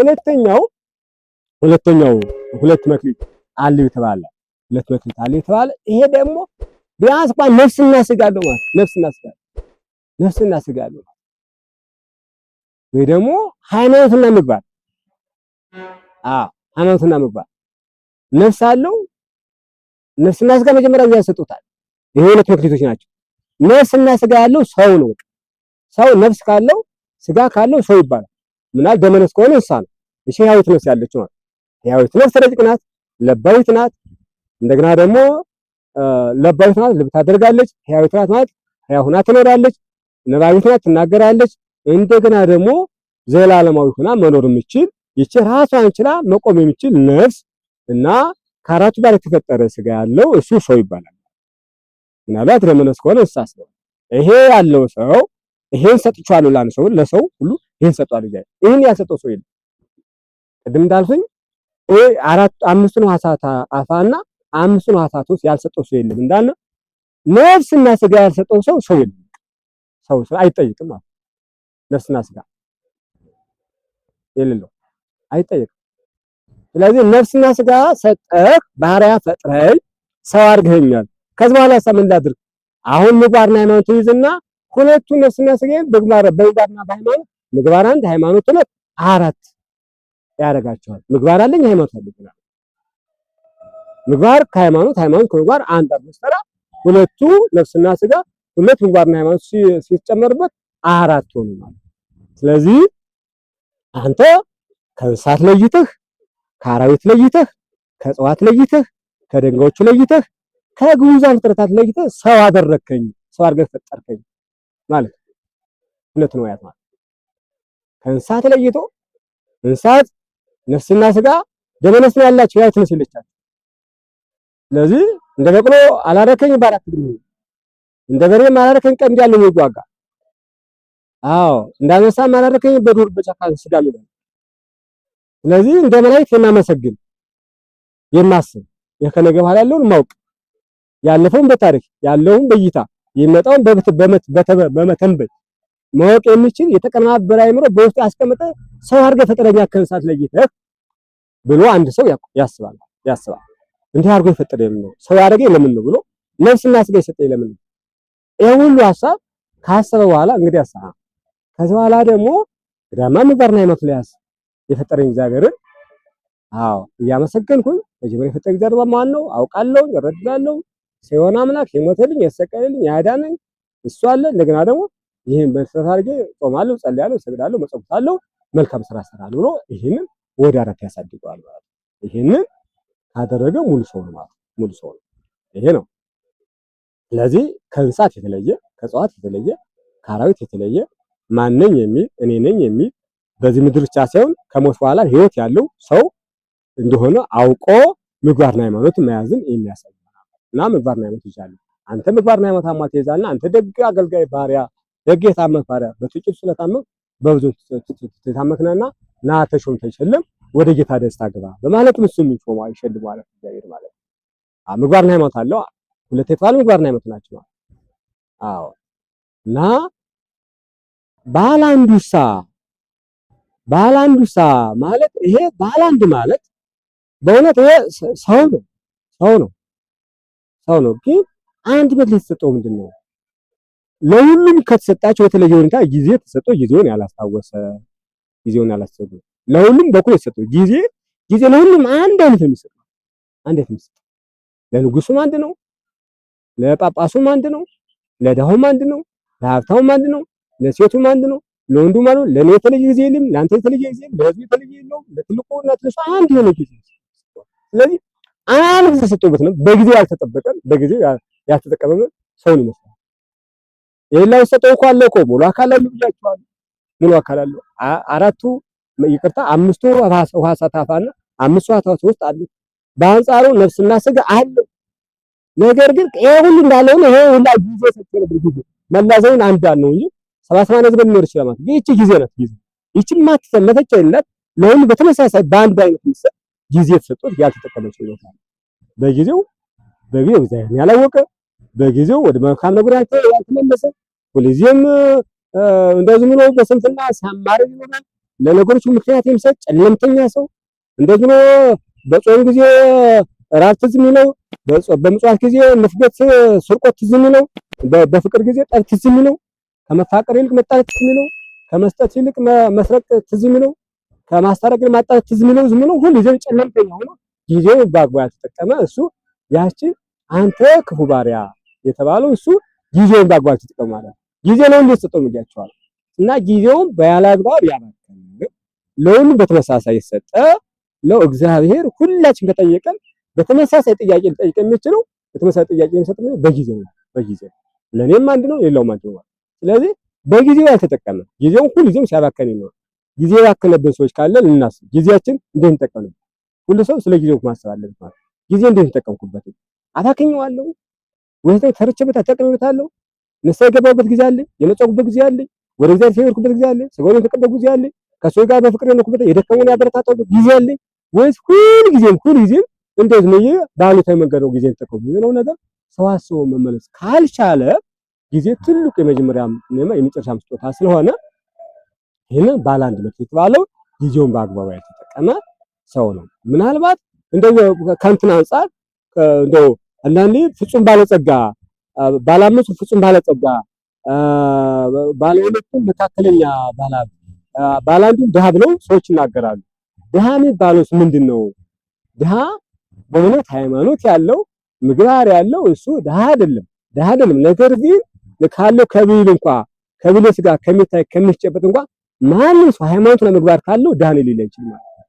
ሁለተኛው ሁለተኛው ሁለት መክሊት አለ የተባለ ሁለት መክሊት አለ የተባለ ይሄ ደግሞ ቢያንስ ባ ነፍስና ስጋ አለው ማለት ነፍስና ስጋ ነፍስና ስጋ አለው ወይ ደግሞ ሃይማኖትና ምግባር አዎ ሃይማኖትና ምግባር ነፍስ አለው ነፍስና ስጋ መጀመሪያ እዚያ ሰጡታል። ይሄ ሁለት መክሊቶች ናቸው። ነፍስና ስጋ ያለው ሰው ነው። ሰው ነፍስ ካለው ስጋ ካለው ሰው ይባላል። ምናል ደመነፍስ ከሆነ እንስሳ ነው። እሺ ህያዊት ነፍስ ያለችው ማለት ህያዊት ነፍስ ረቂቅ ናት፣ ለባዊት ናት። እንደገና ደግሞ ለባዊት ናት ልብ ታደርጋለች። ህያዊት ናት ማለት ህያው ሁና ትኖራለች። ነባቢት ናት ትናገራለች። እንደገና ደግሞ ዘላለማዊ ሁና መኖር የምችል ይቺ ራሷን ችላ መቆም የምችል ነፍስ እና ከአራቱ ጋር የተፈጠረ ስጋ ያለው እሱ ሰው ይባላል። ምናልባት ደመነፍስ ከሆነ እንስሳ ይሄ ያለው ሰው ይሄን ሰጥቻለሁ ላን ሰው ለሰው ሁሉ ይሄን ሰጥቷል ይላል። ይሄን ያልሰጠው ሰው የለም። ቅድም እንዳልኩኝ ይሄ አራት አምስቱን ሐሳታ አፋና አምስቱን ሐሳቶች ያልሰጠው ሰው የለም እንዳለ ነፍስና ስጋ ያልሰጠው ሰው ሰው የለም። ሰው ስለ አይጠይቅም ማለት ነፍስና ስጋ የሌለው አይጠይቅም። ስለዚህ ነፍስና ስጋ ሰጠህ፣ ባህሪያ ፈጥረህ ሰው አድርገኸኛል። ከዚህ በኋላ ሰምን ላድርግ? አሁን ምግባርና ሃይማኖት ይዝና ሁለቱ ነፍስና ስጋ በምግባር በምግባርና በሃይማኖት ምግባር አንድ ሃይማኖት ሁለት አራት ያደርጋቸዋል። ምግባር አለኝ ሃይማኖት አለኝ ምግባር ከሃይማኖት ሃይማኖት ከምግባር አንድ አምስተራ ሁለቱ ነፍስና ስጋ ሁለት ምግባርና ሃይማኖት ሲጨመርበት አራት ሆኑ ማለት። ስለዚህ አንተ ከእንስሳት ለይተህ ከአራዊት ለይተህ ከእጽዋት ለይተህ ከደንጋዎቹ ለይተህ ከግዙዛን ፍጥረታት ለይተህ ሰው አደረከኝ፣ ሰው አድርገህ ፈጠርከኝ። ማለት ሁለት ንዋያት ማለት ከእንስሳት ለይቶ እንስሳት ነፍስና ስጋ ደመነፍስ ነው ያላቸው ያይት ነፍስ ስለዚህ እንደ በቅሎ አላረከኝ ባራት እንደ በሬም አላረከኝ ቀንድ ያለው የሚዋጋ አዎ እንዳነሳም አላረከኝ በዱር በጫካ ስጋ የሚለው ስለዚህ እንደ መላእክት የማመሰግን የማስብ የከነገ በኋላ ያለውን ማውቅ ያለፈውን በታሪክ ያለውን በእይታ የሚመጣውን በመተንበይ ማወቅ የሚችል የተቀናበረ አይምሮ በውስጡ ያስቀመጠ ሰው አድርገህ ፈጠረኛ ከንሳት ለይተህ ብሎ አንድ ሰው ያስባል ያስባል እንዲህ አድርጎ የፈጠረ የለም ነው ሰው ያደረገኝ ለምን ነው ብሎ ነፍስና ስጋ የሰጠኝ ለምን ነው ይሄ ሁሉ ሀሳብ ካሰበ በኋላ እንግዲህ ያሳ ከዚህ በኋላ ደግሞ ግዳማ ምግባርና ሃይማኖት ላይ የፈጠረኝ እግዚአብሔርን አዎ እያመሰገንኩኝ መጀመሪያ የፈጠረኝ እግዚአብሔር ማን ነው አውቃለሁ እረዳለሁ ሲሆን አምላክ የሞተልኝ ያሰቀልልኝ ያዳነኝ እሱ አለ። እንደገና ደግሞ ይህን በስራት አድርጌ ጾማለሁ፣ ጸልያለሁ፣ ሰግዳለሁ፣ መጸውታለሁ፣ መልካም ስራ ስራሉ ብሎ ይህንን ወደ አራት ያሳድገዋል ማለት ነው። ይህንን ካደረገ ሙሉ ሰው ነው ማለት ሙሉ ሰው ነው። ይሄ ነው። ስለዚህ ከእንስሳት የተለየ ከእጽዋት የተለየ ከአራዊት የተለየ ማነኝ የሚል እኔ ነኝ የሚል በዚህ ምድር ብቻ ሳይሆን ከሞት በኋላ ህይወት ያለው ሰው እንደሆነ አውቆ ምግባርና ሃይማኖትን መያዝን የሚያሳይ እና ምግባርና ሕይወት ይዛለሁ። አንተ ምግባርና ሕይወት አሟል ትይዛለህ። አንተ ደግ አገልጋይ ባሪያ፣ ደግ የታመክ ባሪያ በጥቂት ስለታመክ በብዙ ትታመክናና ና ተሾም ተሸለም፣ ወደ ጌታ ደስታ ግባ በማለት እሱም ይሾመዋል፣ ማለት እግዚአብሔር ማለት ምግባርና ሕይወት አለው። ሁለት የተባለ ምግባርና ሕይወት ናቸው። አዎ እና ባላንዱሳ ባላንዱሳ ማለት ይሄ ባላንድ ማለት በእውነት ይሄ ሰው ነው ሰው ነው ሰው ነው። ግን አንድ ቤት የተሰጠው ምንድን ነው? ለሁሉም ከተሰጣቸው በተለየ ሁኔታ ጊዜ ተሰጠው። ጊዜውን ያላስታወሰ ጊዜውን ያላስታወሰ ለሁሉም በኩል የተሰጠው ጊዜ ጊዜ ለሁሉም አንድ አይነት ነው የሚሰጠው። አንድ አይነት የሚሰጠው ለንጉሱም አንድ ነው፣ ለጳጳሱም አንድ ነው፣ ለዳሁም አንድ ነው፣ ለሀብታውም አንድ ነው፣ ለሴቱም አንድ ነው፣ ለወንዱ አንድ ነው። ለእኔ የተለየ ጊዜ የለም፣ ለአንተ የተለየ ጊዜ የለም፣ ለህዝቡ የተለየ የለውም። ለትልቁና ትንሹ አንድ የሆነ ጊዜ ስለዚህ አንድ ጊዜ ሰጥቶበት ነው። በጊዜ ያልተጠበቀን በጊዜ ያልተጠቀመን ሰውን ይመስላል። ይሄን ላይ ሰጠው እኮ አለ እኮ ሙሉ አካል አለው ብያችኋል። ሙሉ አካል አለው አራቱ ይቅርታ አምስቱ ውሃ ሳታፋና አምስቱ ውሃታዎች ውስጥ አሉ። በአንጻሩ ነፍስና ስጋ አለ። ነገር ግን ይሄ ሁሉ እንዳለው ነው። ይሄ ሁሉ ጊዜ ነው። ጊዜ መላዘውን አንድ ነው እንጂ ሰባ ሰማንያ ዘመን ይችላል ማለት ይቺ ጊዜ ናት። ጊዜ ይቺ ማትሰመተች የላት ለሁሉ በተመሳሳይ በአንድ አይነት ምስል ጊዜ ተሰጥቶት ያልተጠቀመችው ህይወት ይወጣ በጊዜው በጊዜው እግዚአብሔርን ያላወቀ በጊዜው ወደ መልካም ነገር ያልተመለሰ ሁልጊዜም እንደዚህ ብሎ በስንፍና ሳማሪ ይኖራል። ለነገሮች ምክንያት የሚሰጥ ጨለምተኛ ሰው እንደዚህ ብሎ በጾም ጊዜ ራብ ትዝ የሚለው፣ በምጽዋት ጊዜ ንፍገት፣ ስርቆት ትዝ የሚለው፣ በፍቅር ጊዜ ጠብ ትዝ የሚለው፣ ከመፋቀር ይልቅ መጣላት ትዝ የሚለው፣ ከመስጠት ይልቅ መስረቅ ትዝ የሚለው ከማስታረቅ ማጣት ዝም ነው ዝም ነው ሁሉ ጊዜ ጨለምተኛ ሆኖ ጊዜው በአግባቡ ያልተጠቀመ እሱ ያቺ አንተ ክፉ ባሪያ የተባለው እሱ ጊዜውን በአግባቡ ተጠቀመ ማለት ጊዜ ነው እንደተሰጠው ይላቸዋል። እና ጊዜውን በያላግባብ ያባከነ ለሁሉም በተመሳሳይ የሰጠ ለው እግዚአብሔር። ሁላችን ከጠየቀን በተመሳሳይ ጥያቄ ልጠይቅ የሚችለው በተመሳሳይ ጥያቄ የሚሰጥ ነው በጊዜ ነው በጊዜ ለእኔም አንድ ነው ሌላውም አንድ ነው። ስለዚህ በጊዜው ያልተጠቀመ ጊዜውን ሁልጊዜም ሲያባከን ነው ጊዜ ያከለብን ሰዎች ካለ እናስብ። ጊዜያችን እንዴት እንጠቀምበት? ሁሉ ሰው ስለ ጊዜው ማሰብ አለበት። ማለት ጊዜ እንዴት እንጠቀምኩበት? አታክኘዋለሁ ወይስ ተርቼበት ተጠቅሜበታለሁ? ንስሐ የገባሁበት ጊዜ አለ፣ የነጻሁበት ጊዜ አለ፣ ወደ እግዚአብሔር የሄድኩበት ጊዜ አለ፣ ስጋውን የተቀበልኩበት ጊዜ አለ፣ ከሰው ጋር በፍቅር የነኩበት የደከመውን ያበረታታሁበት ጊዜ አለ ወይስ ሁሉ ጊዜም ሁሉ ጊዜም እንዴት ነው በአሉታዊ መንገድ ነው ጊዜ ተጠቀሙ የሚለው ነገር ሰው አስቦ መመለስ ካልቻለ ጊዜ ትልቁ የመጀመሪያ የመጨረሻ ስጦታ ስለሆነ ይህንን ባለ አንድ መክሊት የተባለው ጊዜውን በአግባቡ ያልተጠቀመ ሰው ነው። ምናልባት እንደው ከእንትን አንጻር እንደው አንዳንዴ ፍጹም ባለጸጋ ባለ አምስቱ ፍጹም ባለጸጋ ባለ ሁለቱም መካከለኛ ባለ ባለ አንዱም ድሃ ብለው ሰዎች ይናገራሉ። ድሃ የሚባለውስ ምንድን ነው? ድሃ በእውነት ሃይማኖት ያለው ምግባር ያለው እሱ ድሃ አይደለም፣ ድሃ አይደለም። ነገር ግን ካለው ከብል እንኳ ከብል ስጋ ከሚታይ ከሚጨበጥ እንኳ ማንም ሰው ሃይማኖትና ምግባር ካለው ዳህኔ ሊል አይችልም። ማለት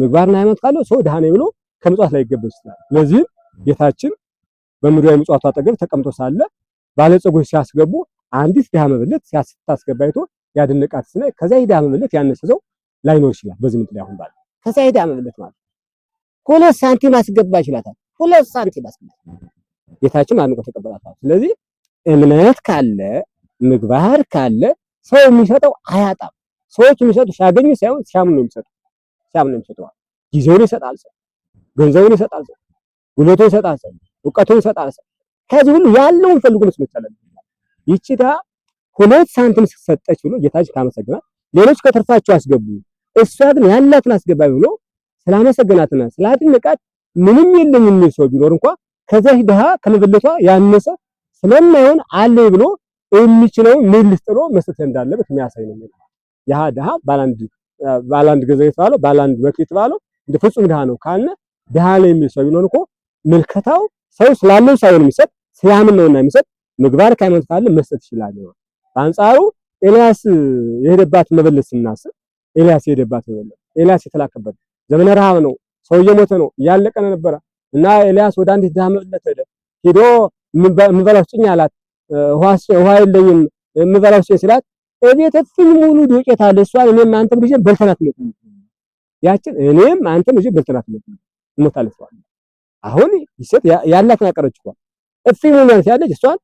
ምግባርና ሃይማኖት ካለው ሰው ዳህኔ ብሎ ከምጽዋት ላይ ይገበዝ ይችላል። ስለዚህም ጌታችን በምድራዊ ምጽዋቱ አጠገብ ተቀምጦ ሳለ ባለጸጎች ሲያስገቡ አንዲት ድሃ መበለት ሲያስታስገባ አይቶ ያደነቃት ስናይ ከዚያ የድሃ መበለት ያነሰ ላይኖር ይችላል። በዚህ ምድር ላይ አሁን ባለ ከዛ የድሃ መበለት ማለት ሁለት ሳንቲም አስገባ ይችላታል። ሁለት ሳንቲም አስገባ ጌታችን አድንቆ ተቀበላታል። ስለዚህ እምነት ካለ ምግባር ካለ ሰው የሚሰጠው አያጣም። ሰዎች የሚሰጡ ሲያገኙ ሳይሆን ሲያምኑ ነው የሚሰጡ ሲያምኑ ነው። የሚሰጡ ጊዜውን ይሰጣል ሰው፣ ገንዘቡን ይሰጣል ሰው፣ ጉልበቱን ይሰጣል ሰው፣ እውቀቱን ይሰጣል ሰው። ከዚህ ሁሉ ያለውን ፈልጉ ነው ስመቻለን ይቺ ዳ ሁለት ሳንቲም ሰጠች ብሎ ጌታችን ካመሰግናት ሌሎች ከተርፋቸው አስገቡ፣ እሷ ግን ያላትን አስገባ ብሎ ስላመሰገናትና ስላደነቃት ምንም የለኝ የሚል ሰው ቢኖር እንኳ ከዚህ ድሃ ከመበለቷ ያነሰ ስለማይሆን አለ ብሎ የሚችለውን ምልስ ጥሎ መስጠት እንዳለበት የሚያሳይ ነው። ያሃ ድሃ ባላንድ ባላንድ ገዛ የተባለው ባላንድ መክሊት የተባለው እንደ ፍጹም ድሃ ነው ካልነ ድሃ ነው የሚል ሰው ቢሆን እኮ ምልከታው ሰው ስላለው ሳይሆን የሚሰጥ ሲያምን ነውና የሚሰጥ ምግባር ከሃይማኖት ካለ መስጠት ይችላል ነው። በአንጻሩ ኤልያስ የሄደባት መበለት ስናስብ ኤልያስ የሄደባት መበለት ኤልያስ የተላከበት ዘመነ ረሃብ ነው። ሰው እየሞተ ነው፣ እያለቀ ነበረ እና ኤልያስ ወደ አንዲት ድሃ መበለት ሄደ። ሄዶ የምበላው ስጭኝ አላት። ውሃ የለኝም የምበላው ስጭኝ ሲላት እቤት እፍኝ ሙሉ ዱቄት አለ። እሷን እኔም አንተም ልጅ በልተናት ነው ያችን እኔም አንተም ልጅ በልተናት ነው እንሞታለን። አሁን ይሰጥ ያላትን አቀረች እኮ እፍኝ ሙሉ ያለች እሷን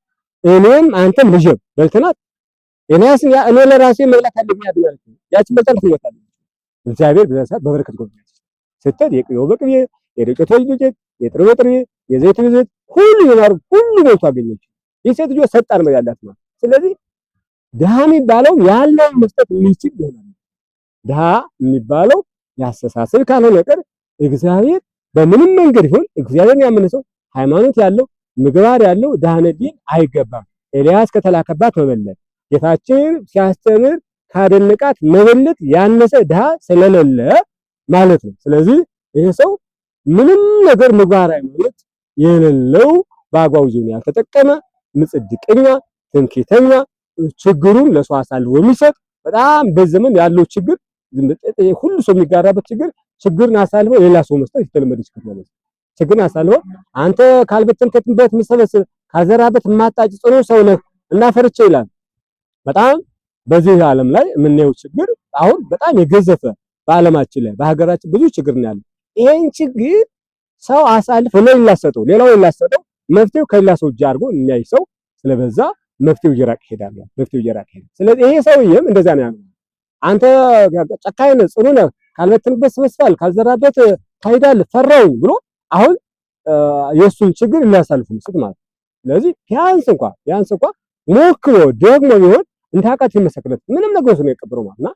እኔም አንተም ልጅ በልተናት እኔስ ያ እኔ ለራሴ መብላት አለብኝ ያድርጋል ያችን በልተናት እንሞታለን። እግዚአብሔር በዛ በበረከት ጎብኝ ስትል የቅቤው በቅቤ የዱቄት ወይ ዱቄት የጥሬ ጥሬ የዘይት ዘይት ሁሉ ይማሩ ሁሉ ነው ታገኘች። ይሰጥ ልጅ ሰጣን ነው ያላት ማለት ስለዚህ ድሃ የሚባለው ያለውን መስጠት የሚችል ይሆናል። ድሃ የሚባለው ያስተሳሰብ ካልሆነ ቀር እግዚአብሔር በምንም መንገድ ይሁን እግዚአብሔር ያመነ ሰው ሃይማኖት ያለው ምግባር ያለው ድሃ አይገባም። ኤልያስ ከተላከባት መበለት ጌታችን ሲያስተምር ካደነቃት መበለት ያነሰ ድሃ ስለሌለ ማለት ነው። ስለዚህ ይህ ሰው ምንም ነገር ምግባር ሃይማኖት የሌለው በአግባቡ ያልተጠቀመ ምጽድቀኛ ትምክህተኛ ችግሩን ለሰው አሳልፎ የሚሰጥ በጣም በዘመን ያለው ችግር ሁሉ ሰው የሚጋራበት ችግር ችግርን አሳልፎ ሌላ ሰው መስጠት የተለመደ ችግር ነው። ችግርን አሳልፎ አንተ ካልበተንከትበት የምትሰበስብ ካዘራበት የማታጭ ጽኑ ሰው ነህ እና ፈርቼ ይላል። በጣም በዚህ ዓለም ላይ የምናየው ችግር አሁን በጣም የገዘፈ በዓለማችን ላይ በሀገራችን ብዙ ችግር ነው ይሄን ችግር ሰው አሳልፎ ለሌላ ሰጠው፣ ሌላው ሌላ ሰጠው፣ መፍትሄው ከሌላ ሰው እጅ አድርጎ የሚያይ ሰው ስለበዛ መፍትሄው እየራቅ ይሄዳል። መፍትሄው እየራቅ ይሄዳል። ስለዚህ ይሄ ሰውዬም እንደዛ ነው ያለው። አንተ ጨካኝ ነህ፣ ጽኑ ነህ፣ ካልበትንበት ስበስባል፣ ካልዘራበት ታይዳል፣ ፈራውኝ ብሎ አሁን የእሱን ችግር ሊያሳልፍ ምስል ማለት ነው። ስለዚህ ቢያንስ እንኳ ቢያንስ እንኳ ሞክሮ ደግሞ ቢሆን እንዳቃት ይመሰክለት ምንም ነገር ነው የቀበረው ማለት ነው።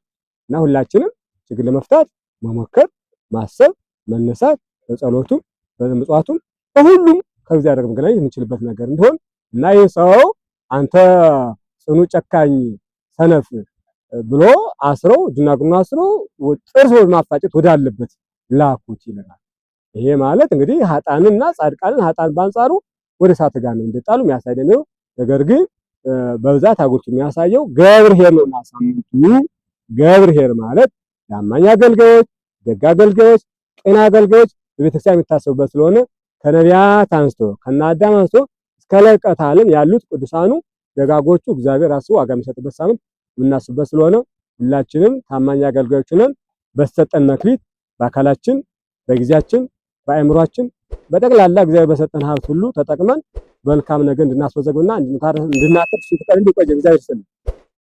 እና ሁላችንም ችግር ለመፍታት መሞከር፣ ማሰብ፣ መነሳት በጸሎቱም በምጽዋቱም በሁሉም ከዚህ ጋር መገናኘት የምንችልበት ነገር እንደሆን እና ይህ ሰው አንተ ጽኑ ጨካኝ ሰነፍ ብሎ አስረው ድናግኑን አስረው ጥርስ ማፋጨት ወዳለበት ላኩት ይለናል። ይሄ ማለት እንግዲህ ሀጣንና ጻድቃንን ሀጣን በአንጻሩ ወደ እሳተ ገሃነም እንደጣሉ የሚያሳይ ነው። ነገር ግን በብዛት አጉልቶ የሚያሳየው ገብር ኄር ነው። ማሳምንቱ ገብር ኄር ማለት ታማኝ አገልጋዮች፣ ደግ አገልጋዮች፣ ቅን አገልጋዮች በቤተክርስቲያን የሚታሰቡበት ስለሆነ ከነቢያት አንስቶ ከነ አዳም አንስቶ እስከ ልቀት ዓለም ያሉት ቅዱሳኑ ደጋጎቹ እግዚአብሔር አስቦ ዋጋ የሚሰጥበት ሳምንት የምናስብበት ስለሆነ ሁላችንም ታማኝ አገልጋዮች ነን። በተሰጠን መክሊት በአካላችን፣ በጊዜያችን፣ በአእምሯችን በጠቅላላ እግዚአብሔር በሰጠን ሀብት ሁሉ ተጠቅመን መልካም ነገር እንድናስመዘግብና እንድናጠር ፍቃድ እንዲቆየ እግዚአብሔር ይስጥልን።